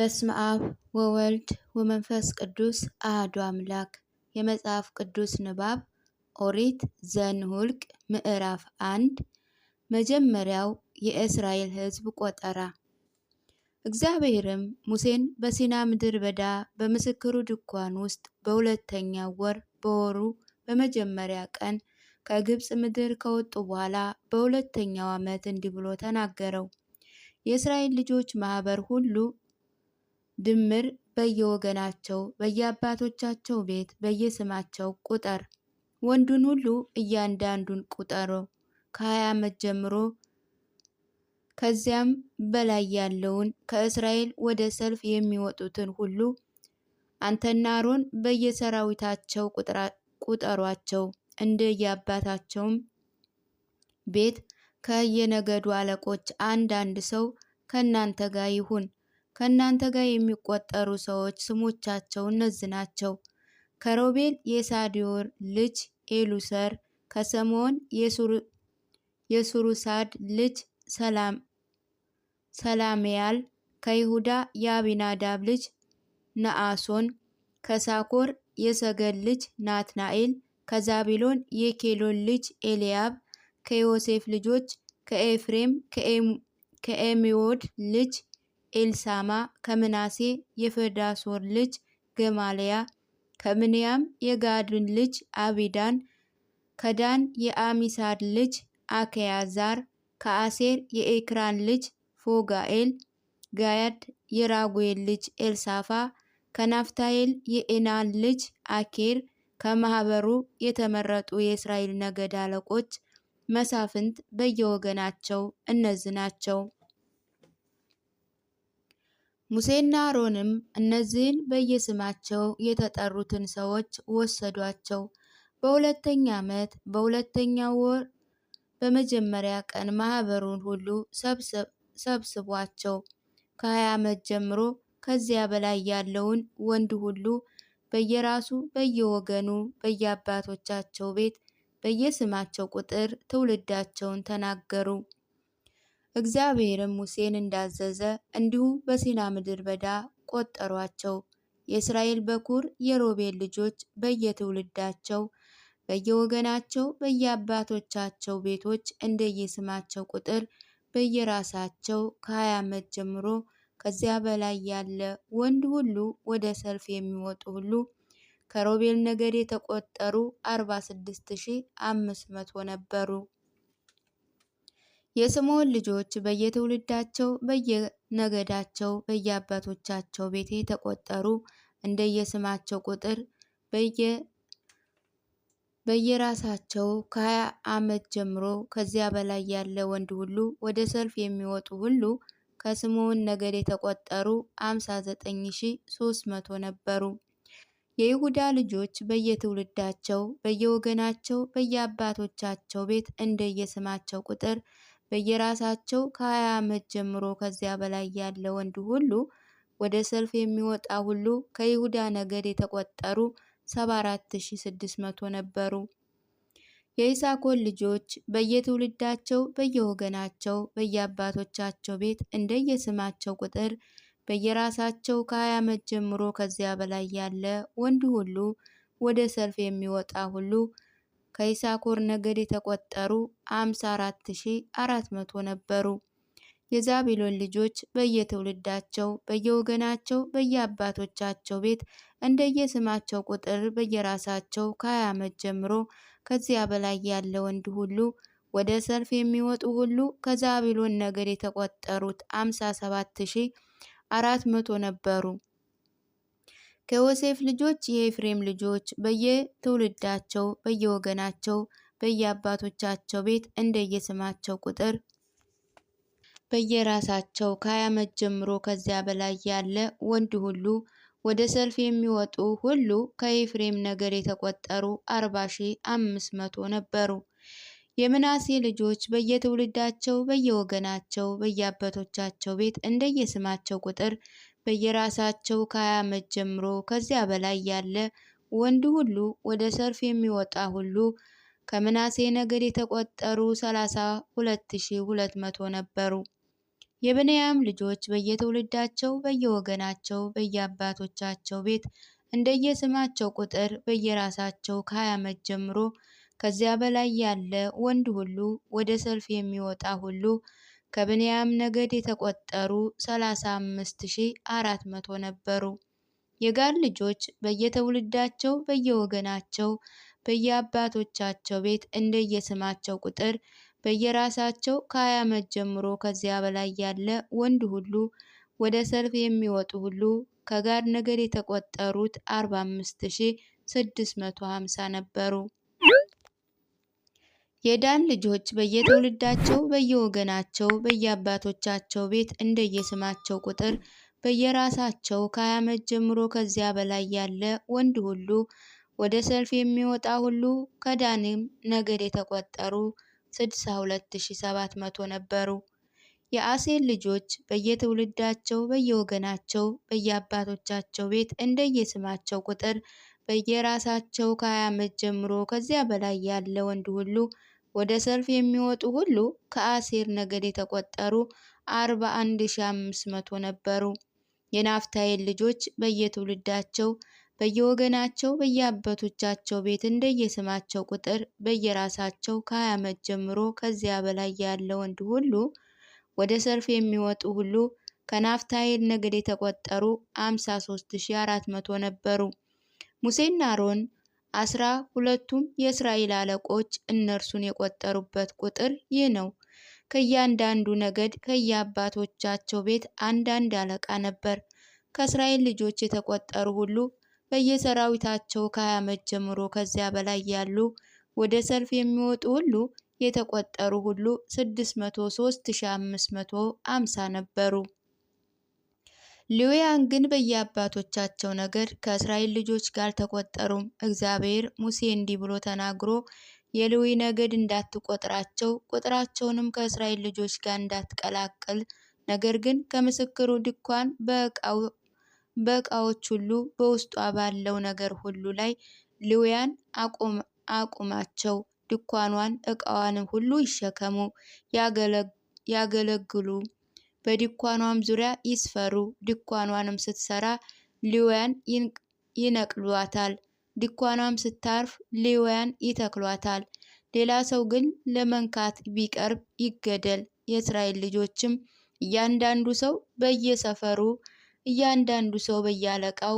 በስመ አብ ወወልድ ወመንፈስ ቅዱስ አህዱ አምላክ። የመጽሐፍ ቅዱስ ንባብ ኦሪት ሁልቅ ምዕራፍ አንድ መጀመሪያው የእስራኤል ሕዝብ ቆጠራ። እግዚአብሔርም ሙሴን በሲና ምድር በዳ በምስክሩ ድንኳን ውስጥ በሁለተኛው ወር በወሩ በመጀመሪያ ቀን ከግብፅ ምድር ከወጡ በኋላ በሁለተኛው ዓመት እንዲህ ብሎ ተናገረው። የእስራኤል ልጆች ማህበር ሁሉ ድምር በየወገናቸው በየአባቶቻቸው ቤት በየስማቸው ቁጠር። ወንዱን ሁሉ እያንዳንዱን ቁጠሮ ከሀያ ዓመት ጀምሮ ከዚያም በላይ ያለውን ከእስራኤል ወደ ሰልፍ የሚወጡትን ሁሉ አንተና አሮን በየሰራዊታቸው ቁጠሯቸው። እንደየአባታቸውም ቤት ከየነገዱ አለቆች አንድ አንድ ሰው ከእናንተ ጋር ይሁን። ከእናንተ ጋር የሚቆጠሩ ሰዎች ስሞቻቸው እነዚህ ናቸው። ከሮቤል የሳዲዮር ልጅ ኤሉሰር፣ ከሰሞን የሱሩሳድ ልጅ ሰላሜያል፣ ከይሁዳ የአቢናዳብ ልጅ ነአሶን፣ ከሳኮር የሰገድ ልጅ ናትናኤል፣ ከዛቢሎን የኬሎን ልጅ ኤልያብ፣ ከዮሴፍ ልጆች ከኤፍሬም ከኤሚዎድ ልጅ ኤልሳማ ከምናሴ የፈዳሶር ልጅ ገማልያ ከምንያም የጋድን ልጅ አቢዳን ከዳን የአሚሳድ ልጅ አከያዛር ከአሴር የኤክራን ልጅ ፎጋኤል ጋያድ የራጉኤል ልጅ ኤልሳፋ ከናፍታኤል የኤናን ልጅ አኬር ከማህበሩ የተመረጡ የእስራኤል ነገድ አለቆች መሳፍንት በየወገናቸው እነዚህ ናቸው። ሙሴና አሮንም እነዚህን በየስማቸው የተጠሩትን ሰዎች ወሰዷቸው። በሁለተኛ ዓመት በሁለተኛው ወር በመጀመሪያ ቀን ማህበሩን ሁሉ ሰብስቧቸው ከሀያ ዓመት ጀምሮ ከዚያ በላይ ያለውን ወንድ ሁሉ በየራሱ በየወገኑ በየአባቶቻቸው ቤት በየስማቸው ቁጥር ትውልዳቸውን ተናገሩ። እግዚአብሔርም ሙሴን እንዳዘዘ እንዲሁ በሲና ምድር በዳ ቆጠሯቸው። የእስራኤል በኩር የሮቤል ልጆች በየትውልዳቸው በየወገናቸው በየአባቶቻቸው ቤቶች እንደየስማቸው ቁጥር በየራሳቸው ከሀያ ዓመት ጀምሮ ከዚያ በላይ ያለ ወንድ ሁሉ ወደ ሰልፍ የሚወጡ ሁሉ ከሮቤል ነገድ የተቆጠሩ 46500 ነበሩ። የስምዖን ልጆች በየትውልዳቸው በየነገዳቸው በየአባቶቻቸው ቤት የተቆጠሩ እንደየስማቸው ቁጥር በየ በየራሳቸው ከሀያ ዓመት ጀምሮ ከዚያ በላይ ያለ ወንድ ሁሉ ወደ ሰልፍ የሚወጡ ሁሉ ከስምዖን ነገድ የተቆጠሩ 59300 ነበሩ። የይሁዳ ልጆች በየትውልዳቸው በየወገናቸው በየአባቶቻቸው ቤት እንደየስማቸው ቁጥር በየራሳቸው ከሀያ ዓመት ጀምሮ ከዚያ በላይ ያለ ወንድ ሁሉ ወደ ሰልፍ የሚወጣ ሁሉ ከይሁዳ ነገድ የተቆጠሩ 74600 ነበሩ። የይሳኮር ልጆች በየትውልዳቸው በየወገናቸው በየአባቶቻቸው ቤት እንደየስማቸው ቁጥር በየራሳቸው ከሀያ ዓመት ጀምሮ ከዚያ በላይ ያለ ወንድ ሁሉ ወደ ሰልፍ የሚወጣ ሁሉ ከይሳኮር ነገድ የተቆጠሩ 54400 ነበሩ። የዛቢሎን ልጆች በየትውልዳቸው በየወገናቸው በየአባቶቻቸው ቤት እንደየስማቸው ቁጥር በየራሳቸው ከሀያ ዓመት ጀምሮ ከዚያ በላይ ያለ ወንድ ሁሉ ወደ ሰልፍ የሚወጡ ሁሉ ከዛቢሎን ነገድ የተቆጠሩት 57400 ነበሩ። ከዮሴፍ ልጆች የኤፍሬም ልጆች በየትውልዳቸው በየወገናቸው በየአባቶቻቸው ቤት እንደየስማቸው ቁጥር በየራሳቸው ከሀያ ዓመት ጀምሮ ከዚያ በላይ ያለ ወንድ ሁሉ ወደ ሰልፍ የሚወጡ ሁሉ ከኤፍሬም ነገድ የተቆጠሩ አርባ ሺ አምስት መቶ ነበሩ። የምናሴ ልጆች በየትውልዳቸው በየወገናቸው በየአባቶቻቸው ቤት እንደየስማቸው ቁጥር በየራሳቸው ከሀያ ዓመት ጀምሮ ከዚያ በላይ ያለ ወንድ ሁሉ ወደ ሰልፍ የሚወጣ ሁሉ ከምናሴ ነገድ የተቆጠሩ 32200 ነበሩ። የብንያም ልጆች በየትውልዳቸው በየወገናቸው በየአባቶቻቸው ቤት እንደየስማቸው ቁጥር በየራሳቸው ከሀያ ዓመት ጀምሮ ከዚያ በላይ ያለ ወንድ ሁሉ ወደ ሰልፍ የሚወጣ ሁሉ ከብንያም ነገድ የተቆጠሩ 35400 ነበሩ። የጋድ ልጆች በየትውልዳቸው በየወገናቸው በየአባቶቻቸው ቤት እንደየስማቸው ቁጥር በየራሳቸው ከሀያ ዓመት ጀምሮ ከዚያ በላይ ያለ ወንድ ሁሉ ወደ ሰልፍ የሚወጡ ሁሉ ከጋድ ነገድ የተቆጠሩት 45650 ነበሩ። የዳን ልጆች በየትውልዳቸው በየወገናቸው በየአባቶቻቸው ቤት እንደየስማቸው ቁጥር በየራሳቸው ከሀያ ዓመት ጀምሮ ከዚያ በላይ ያለ ወንድ ሁሉ ወደ ሰልፍ የሚወጣ ሁሉ ከዳንም ነገድ የተቆጠሩ 62700 ነበሩ። የአሴር ልጆች በየትውልዳቸው በየወገናቸው በየአባቶቻቸው ቤት እንደየስማቸው ቁጥር በየራሳቸው ከሀያ ዓመት ጀምሮ ከዚያ በላይ ያለ ወንድ ሁሉ ወደ ሰልፍ የሚወጡ ሁሉ ከአሴር ነገድ የተቆጠሩ አርባ መቶ ነበሩ። የናፍታይን ልጆች በየትውልዳቸው በየወገናቸው በየአባቶቻቸው ቤት እንደየስማቸው ቁጥር በየራሳቸው ከ ከ20 ዓመት ጀምሮ ከዚያ በላይ ያለ ወንድ ሁሉ ወደ ሰልፍ የሚወጡ ሁሉ ከናፍታይን ነገድ የተቆጠሩ 53400 መቶ ነበሩ። ሙሴና አሮን አስራ ሁለቱም የእስራኤል አለቆች እነርሱን የቆጠሩበት ቁጥር ይህ ነው። ከእያንዳንዱ ነገድ ከየአባቶቻቸው ቤት አንዳንድ አለቃ ነበር። ከእስራኤል ልጆች የተቆጠሩ ሁሉ በየሰራዊታቸው ከሀያ ዓመት ጀምሮ ከዚያ በላይ ያሉ ወደ ሰልፍ የሚወጡ ሁሉ የተቆጠሩ ሁሉ ስድስት ነበሩ። ሌውያን ግን በየአባቶቻቸው ነገድ ከእስራኤል ልጆች ጋር ተቆጠሩም። እግዚአብሔር ሙሴ እንዲህ ብሎ ተናግሮ የሌዊ ነገድ እንዳትቆጥራቸው ቁጥራቸውንም ከእስራኤል ልጆች ጋር እንዳትቀላቅል፣ ነገር ግን ከምስክሩ ድንኳን በእቃዎች ሁሉ በውስጧ ባለው ነገር ሁሉ ላይ ሌውያን አቁማቸው። ድንኳኗን እቃዋንም ሁሉ ይሸከሙ ያገለግሉ በድኳኗም ዙሪያ ይስፈሩ። ድኳኗንም ስትሰራ ሊውያን ይነቅሏታል። ድኳኗም ስታርፍ ሊውያን ይተክሏታል። ሌላ ሰው ግን ለመንካት ቢቀርብ ይገደል። የእስራኤል ልጆችም እያንዳንዱ ሰው በየሰፈሩ እያንዳንዱ ሰው በያለቃው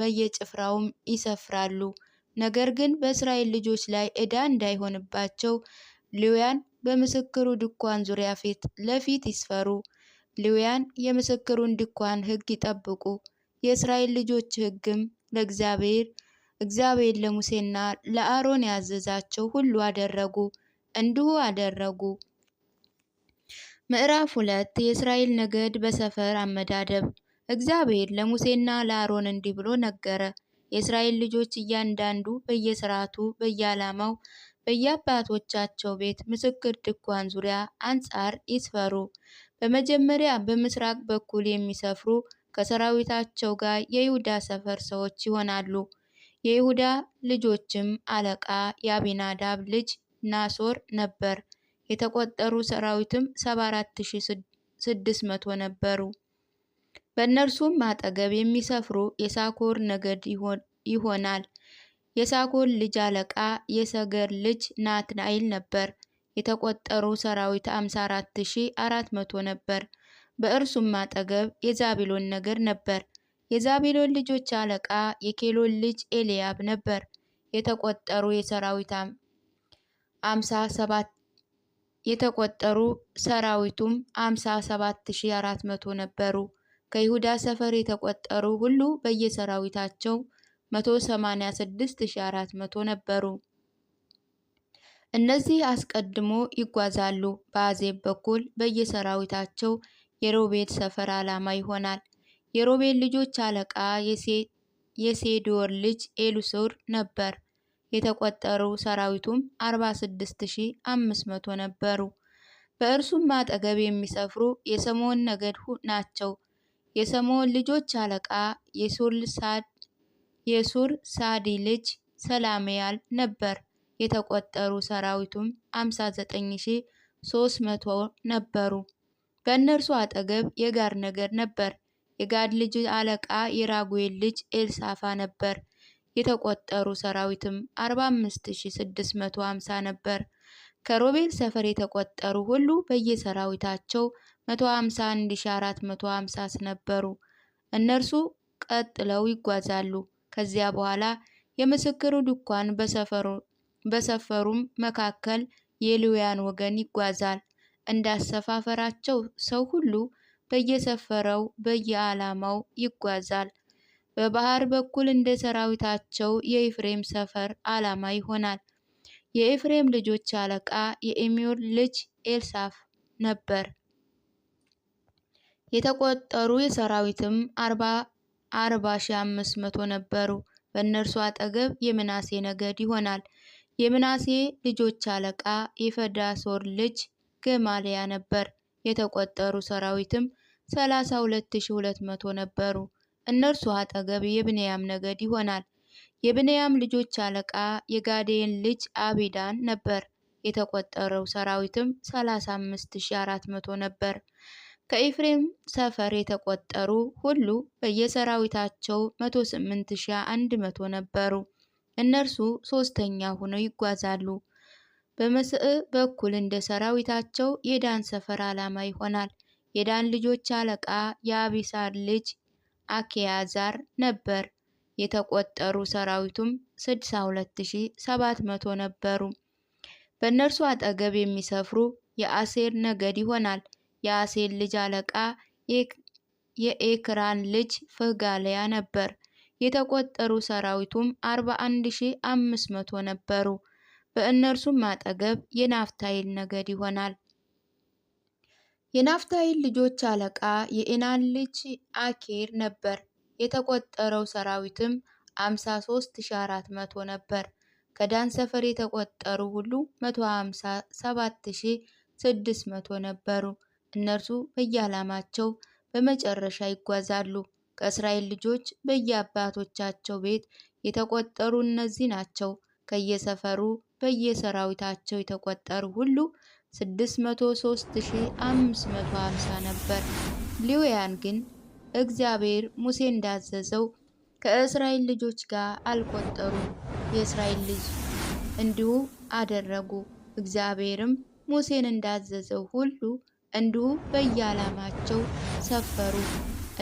በየጭፍራውም ይሰፍራሉ። ነገር ግን በእስራኤል ልጆች ላይ ዕዳ እንዳይሆንባቸው ሊውያን በምስክሩ ድንኳን ዙሪያ ፊት ለፊት ይስፈሩ። ሌዋውያን የምስክሩን ድንኳን ሕግ ይጠብቁ። የእስራኤል ልጆች ሕግም ለእግዚአብሔር እግዚአብሔር ለሙሴና ለአሮን ያዘዛቸው ሁሉ አደረጉ፣ እንዲሁ አደረጉ። ምዕራፍ ሁለት የእስራኤል ነገድ በሰፈር አመዳደብ። እግዚአብሔር ለሙሴና ለአሮን እንዲህ ብሎ ነገረ። የእስራኤል ልጆች እያንዳንዱ በየስርዓቱ በየዓላማው በየአባቶቻቸው ቤት ምስክር ድንኳን ዙሪያ አንጻር ይስፈሩ። በመጀመሪያ በምስራቅ በኩል የሚሰፍሩ ከሰራዊታቸው ጋር የይሁዳ ሰፈር ሰዎች ይሆናሉ። የይሁዳ ልጆችም አለቃ የአቢናዳብ ልጅ ናሶር ነበር። የተቆጠሩ ሰራዊትም 74600 ነበሩ። በእነርሱም አጠገብ የሚሰፍሩ የሳኮር ነገድ ይሆናል። የሳኮል ልጅ አለቃ የሰገር ልጅ ናትናኤል ነበር። የተቆጠሩ ሰራዊት 54400 ነበር። በእርሱም አጠገብ የዛቢሎን ነገር ነበር። የዛቢሎን ልጆች አለቃ የኬሎን ልጅ ኤልያብ ነበር። የተቆጠሩ የሰራዊት 57 የተቆጠሩ ሰራዊቱም 57400 ነበሩ። ከይሁዳ ሰፈር የተቆጠሩ ሁሉ በየሰራዊታቸው 186400 ነበሩ። እነዚህ አስቀድሞ ይጓዛሉ። በአዜብ በኩል በየሰራዊታቸው የሮቤል ሰፈር ዓላማ ይሆናል። የሮቤል ልጆች አለቃ የሴዶር ልጅ ኤሉሱር ነበር። የተቆጠሩ ሰራዊቱም 46500 ነበሩ። በእርሱም አጠገብ የሚሰፍሩ የሰሞን ነገድ ናቸው። የሰሞን ልጆች አለቃ የሱልሳድ የሱር ሳዲ ልጅ ሰላሚያል ነበር። የተቆጠሩ ሰራዊቱም 59300 ነበሩ። በእነርሱ አጠገብ የጋድ ነገድ ነበር። የጋድ ልጅ አለቃ የራጉኤል ልጅ ኤልሳፋ ነበር። የተቆጠሩ ሰራዊትም 45650 ነበር። ከሮቤል ሰፈር የተቆጠሩ ሁሉ በየሰራዊታቸው 151450 ነበሩ። እነርሱ ቀጥለው ይጓዛሉ። ከዚያ በኋላ የምስክሩ ድንኳን በሰፈሩም መካከል የሊውያን ወገን ይጓዛል። እንዳሰፋፈራቸው ሰው ሁሉ በየሰፈረው በየዓላማው ይጓዛል። በባህር በኩል እንደ ሰራዊታቸው የኤፍሬም ሰፈር ዓላማ ይሆናል። የኤፍሬም ልጆች አለቃ የኤሚር ልጅ ኤልሳፍ ነበር። የተቆጠሩ የሰራዊትም አርባ አርባ ሺህ አምስት መቶ ነበሩ። በእነርሱ አጠገብ የምናሴ ነገድ ይሆናል። የምናሴ ልጆች አለቃ የፈዳሶር ልጅ ገማልያ ነበር። የተቆጠሩ ሰራዊትም 32200 ነበሩ። እነርሱ አጠገብ የብንያም ነገድ ይሆናል። የብንያም ልጆች አለቃ የጋዴን ልጅ አቢዳን ነበር። የተቆጠረው ሰራዊትም ሰላሳ ነበር። ከኤፍሬም ሰፈር የተቆጠሩ ሁሉ በየሰራዊታቸው 108100 ነበሩ። እነርሱ ሶስተኛ ሆነው ይጓዛሉ። በመስዕ በኩል እንደ ሰራዊታቸው የዳን ሰፈር ዓላማ ይሆናል። የዳን ልጆች አለቃ የአቢሳር ልጅ አኪያዛር ነበር። የተቆጠሩ ሰራዊቱም 62700 ነበሩ። በእነርሱ አጠገብ የሚሰፍሩ የአሴር ነገድ ይሆናል። የአሴል ልጅ አለቃ የኤክራን ልጅ ፍጋልያ ነበር። የተቆጠሩ ሰራዊቱም 41500 ነበሩ። በእነርሱም አጠገብ የናፍታይል ነገድ ይሆናል። የናፍታይል ልጆች አለቃ የኢናን ልጅ አኬር ነበር። የተቆጠረው ሰራዊትም 53400 ነበር። ከዳን ሰፈር የተቆጠሩ ሁሉ 157600 ነበሩ። እነርሱ በየዓላማቸው በመጨረሻ ይጓዛሉ። ከእስራኤል ልጆች በየአባቶቻቸው ቤት የተቆጠሩ እነዚህ ናቸው። ከየሰፈሩ በየሰራዊታቸው የተቆጠሩ ሁሉ 603550 ነበር። ሊውያን ግን እግዚአብሔር ሙሴ እንዳዘዘው ከእስራኤል ልጆች ጋር አልቆጠሩም። የእስራኤል ልጅ እንዲሁ አደረጉ። እግዚአብሔርም ሙሴን እንዳዘዘው ሁሉ እንዲሁ በየዓላማቸው ሰፈሩ።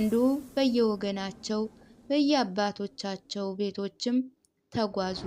እንዲሁ በየወገናቸው በየአባቶቻቸው ቤቶችም ተጓዙ።